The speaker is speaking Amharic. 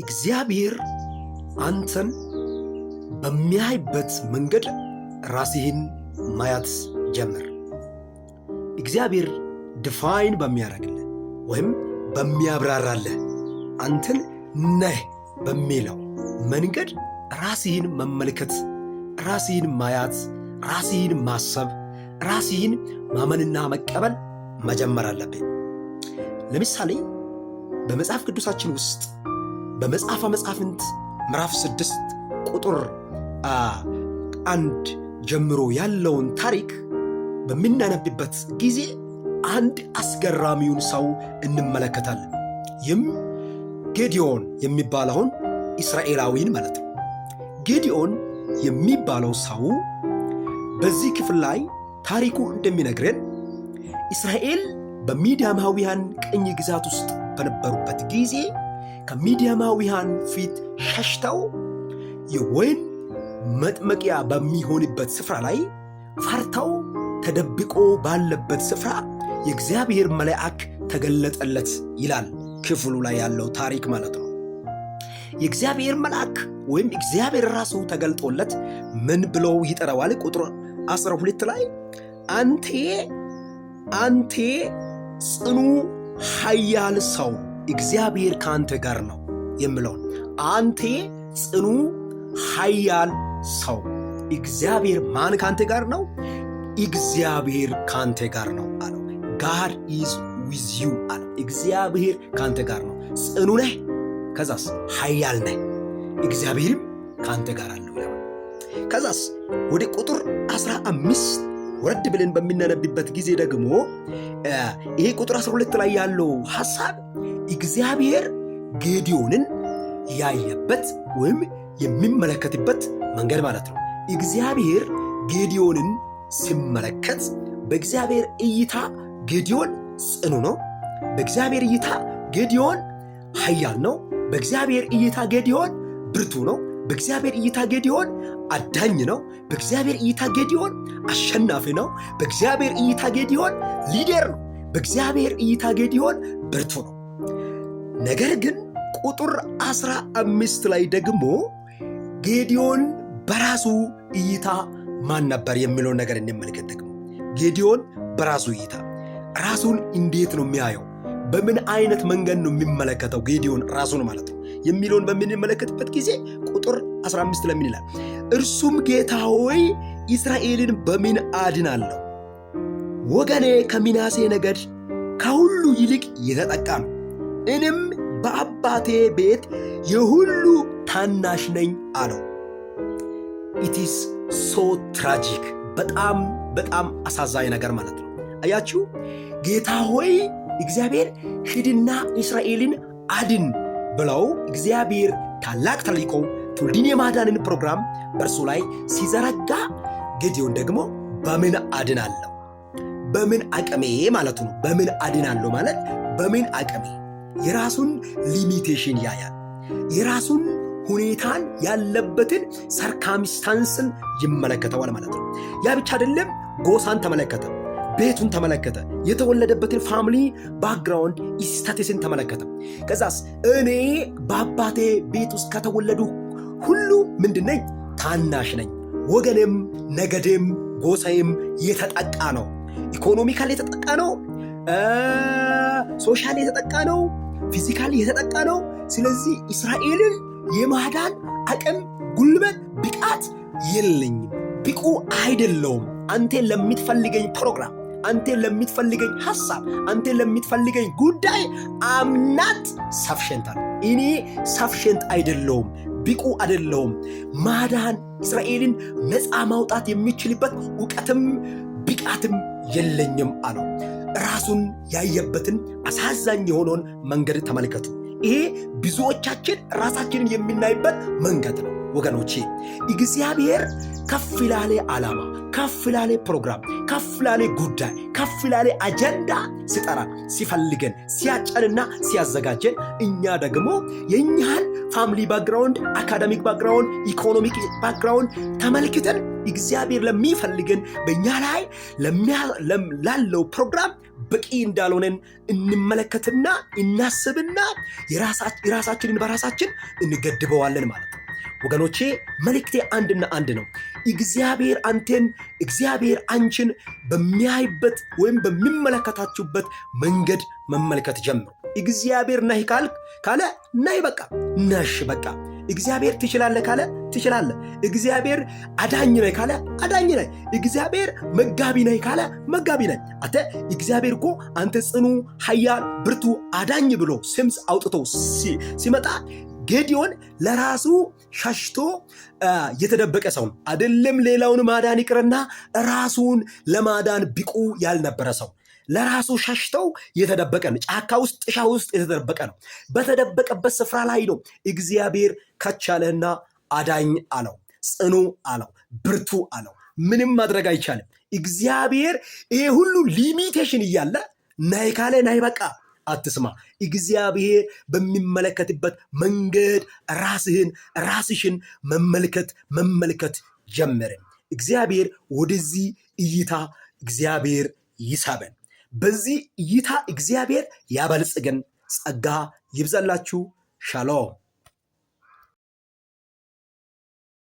እግዚአብሔር አንተን በሚያይበት መንገድ ራስህን ማያት ጀምር። እግዚአብሔር ድፋይን በሚያደርግልህ ወይም በሚያብራራልህ አንተን ነህ በሚለው መንገድ ራስህን መመልከት፣ ራስህን ማያት፣ ራስህን ማሰብ፣ ራስህን ማመንና መቀበል መጀመር አለብን ለምሳሌ በመጽሐፍ ቅዱሳችን ውስጥ በመጽሐፈ መጽሐፍንት ምዕራፍ ስድስት ቁጥር አንድ ጀምሮ ያለውን ታሪክ በምናነብበት ጊዜ አንድ አስገራሚውን ሰው እንመለከታለን። ይህም ጌዲዮን የሚባለውን እስራኤላዊን ማለት ነው። ጌዲዮን የሚባለው ሰው በዚህ ክፍል ላይ ታሪኩ እንደሚነግረን እስራኤል በሚዳማውያን ቅኝ ግዛት ውስጥ በነበሩበት ጊዜ ከሚዲያማዊሃን ፊት ሸሽተው የወይን መጥመቂያ በሚሆንበት ስፍራ ላይ ፈርተው ተደብቆ ባለበት ስፍራ የእግዚአብሔር መልአክ ተገለጠለት ይላል ክፍሉ ላይ ያለው ታሪክ ማለት ነው። የእግዚአብሔር መልአክ ወይም እግዚአብሔር ራሱ ተገልጦለት ምን ብለው ይጠራዋል? ቁጥር 12 ላይ አንቴ አንቴ ጽኑ ኃያል ሰው እግዚአብሔር ከአንተ ጋር ነው የምለውን አንቴ ጽኑ ኃያል ሰው እግዚአብሔር ማን ከአንተ ጋር ነው? እግዚአብሔር ከአንተ ጋር ነው አለው። ጋድ ኢዝ ዊዝ ዩ አለ። እግዚአብሔር ከአንተ ጋር ነው። ጽኑ ነህ፣ ከዛስ ኃያል ነህ፣ እግዚአብሔርም ከአንተ ጋር አለው ይለዋል። ከዛስ ወደ ቁጥር አስራ አምስት ወረድ ብለን በሚነነብበት ጊዜ ደግሞ ይሄ ቁጥር ሁለት ላይ ያለው ሀሳብ? እግዚአብሔር ጌዲዮንን ያየበት ወይም የሚመለከትበት መንገድ ማለት ነው። እግዚአብሔር ጌዲዮንን ሲመለከት በእግዚአብሔር እይታ ጌዲዮን ጽኑ ነው። በእግዚአብሔር እይታ ጌዲዮን ኃያል ነው። በእግዚአብሔር እይታ ጌዲዮን ብርቱ ነው። በእግዚአብሔር እይታ ጌዲዮን አዳኝ ነው። በእግዚአብሔር እይታ ጌዲዮን አሸናፊ ነው። በእግዚአብሔር እይታ ጌዲዮን ሊደር ነው። በእግዚአብሔር እይታ ጌዲዮን ብርቱ ነው። ነገር ግን ቁጥር አስራ አምስት ላይ ደግሞ ጌዲዮን በራሱ እይታ ማን ነበር የሚለውን ነገር እንመልከት። ደግሞ ጌዲዮን በራሱ እይታ ራሱን እንዴት ነው የሚያየው? በምን አይነት መንገድ ነው የሚመለከተው? ጌዲዮን ራሱን ማለት ነው የሚለውን በምንመለከትበት ጊዜ ቁጥር 15 ለምን ይላል? እርሱም ጌታ ሆይ እስራኤልን በምን አድናለሁ? ወገኔ ከሚናሴ ነገድ ከሁሉ ይልቅ የተጠቃም እኔም በአባቴ ቤት የሁሉ ታናሽ ነኝ አለው። ኢትስ ሶ ትራጂክ። በጣም በጣም አሳዛኝ ነገር ማለት ነው። አያችሁ ጌታ ሆይ እግዚአብሔር ሂድና እስራኤልን አድን ብለው እግዚአብሔር ታላቅ ተልእኮ ትውልድን የማዳንን ፕሮግራም በእርሱ ላይ ሲዘረጋ ጌዲዮን ደግሞ በምን አድናለሁ፣ በምን አቅሜ ማለቱ ነው። በምን አድናለሁ ማለት በምን አቅሜ የራሱን ሊሚቴሽን ያያል። የራሱን ሁኔታን ያለበትን ሰርካሚስታንስን ይመለከተዋል ማለት ነው። ያ ብቻ አይደለም፣ ጎሳን ተመለከተ፣ ቤቱን ተመለከተ፣ የተወለደበትን ፋሚሊ ባክግራውንድ ስታቴስን ተመለከተ። ከዛስ እኔ በአባቴ ቤት ውስጥ ከተወለዱ ሁሉ ምንድን ነኝ? ታናሽ ነኝ። ወገኔም፣ ነገዴም፣ ጎሳይም የተጠቃ ነው። ኢኮኖሚካል የተጠቃ ነው። ሶሻል የተጠቃ ነው። ፊዚካሊ የተጠቃ ነው። ስለዚህ እስራኤልን የማዳን አቅም፣ ጉልበት፣ ብቃት የለኝም፣ ብቁ አይደለውም። አንተ ለምትፈልገኝ ፕሮግራም፣ አንተ ለምትፈልገኝ ሀሳብ፣ አንተ ለምትፈልገኝ ጉዳይ አምናት ሳፍሸንታል። እኔ ሳፍሸንት አይደለውም፣ ብቁ አይደለውም። ማዳን እስራኤልን ነፃ ማውጣት የሚችልበት እውቀትም ብቃትም የለኝም አለው። ራሱን ያየበትን አሳዛኝ የሆነውን መንገድ ተመልከቱ። ይሄ ብዙዎቻችን ራሳችንን የምናይበት መንገድ ነው ወገኖቼ። እግዚአብሔር ከፍ ላለ ዓላማ፣ ከፍ ላለ ፕሮግራም፣ ከፍ ላለ ጉዳይ፣ ከፍ ላለ አጀንዳ ሲጠራን፣ ሲፈልገን፣ ሲያጨንና ሲያዘጋጀን እኛ ደግሞ የእኛን ፋሚሊ ባክግራውንድ፣ አካዳሚክ ባክግራውንድ፣ ኢኮኖሚክ ባክግራውንድ ተመልክተን እግዚአብሔር ለሚፈልገን በእኛ ላይ ላለው ፕሮግራም በቂ እንዳልሆነን እንመለከትና እናስብና የራሳችንን በራሳችን እንገድበዋለን ማለት ነው። ወገኖቼ መልእክቴ አንድና አንድ ነው። እግዚአብሔር አንተን እግዚአብሔር አንቺን በሚያይበት ወይም በሚመለከታችሁበት መንገድ መመልከት ጀምሩ። እግዚአብሔር ነህ ካለ ነይ፣ በቃ ነሽ፣ በቃ እግዚአብሔር ትችላለህ ካለ ትችላለህ። እግዚአብሔር አዳኝ ነህ ካለ አዳኝ ነህ። እግዚአብሔር መጋቢ ነህ ካለ መጋቢ ነህ። አንተ እግዚአብሔር እኮ አንተ ጽኑ፣ ኃያል፣ ብርቱ፣ አዳኝ ብሎ ስምስ አውጥቶ ሲመጣ ጌዲዮን ለራሱ ሸሽቶ የተደበቀ ሰው ነው አይደለም። ሌላውን ማዳን ይቅርና ራሱን ለማዳን ብቁ ያልነበረ ሰው ለራሱ ሸሽተው የተደበቀ ነው። ጫካ ውስጥ ጥሻ ውስጥ የተደበቀ ነው። በተደበቀበት ስፍራ ላይ ነው እግዚአብሔር ከቻለህና አዳኝ አለው፣ ጽኑ አለው፣ ብርቱ አለው። ምንም ማድረግ አይቻልም። እግዚአብሔር ይሄ ሁሉ ሊሚቴሽን እያለ ናይ ካለ ናይ በቃ አትስማ። እግዚአብሔር በሚመለከትበት መንገድ ራስህን ራስሽን መመልከት መመልከት ጀመርን። እግዚአብሔር ወደዚህ እይታ እግዚአብሔር ይሳበን። በዚህ እይታ እግዚአብሔር ያበልጽግን ጸጋ ይብዛላችሁ። ሻሎም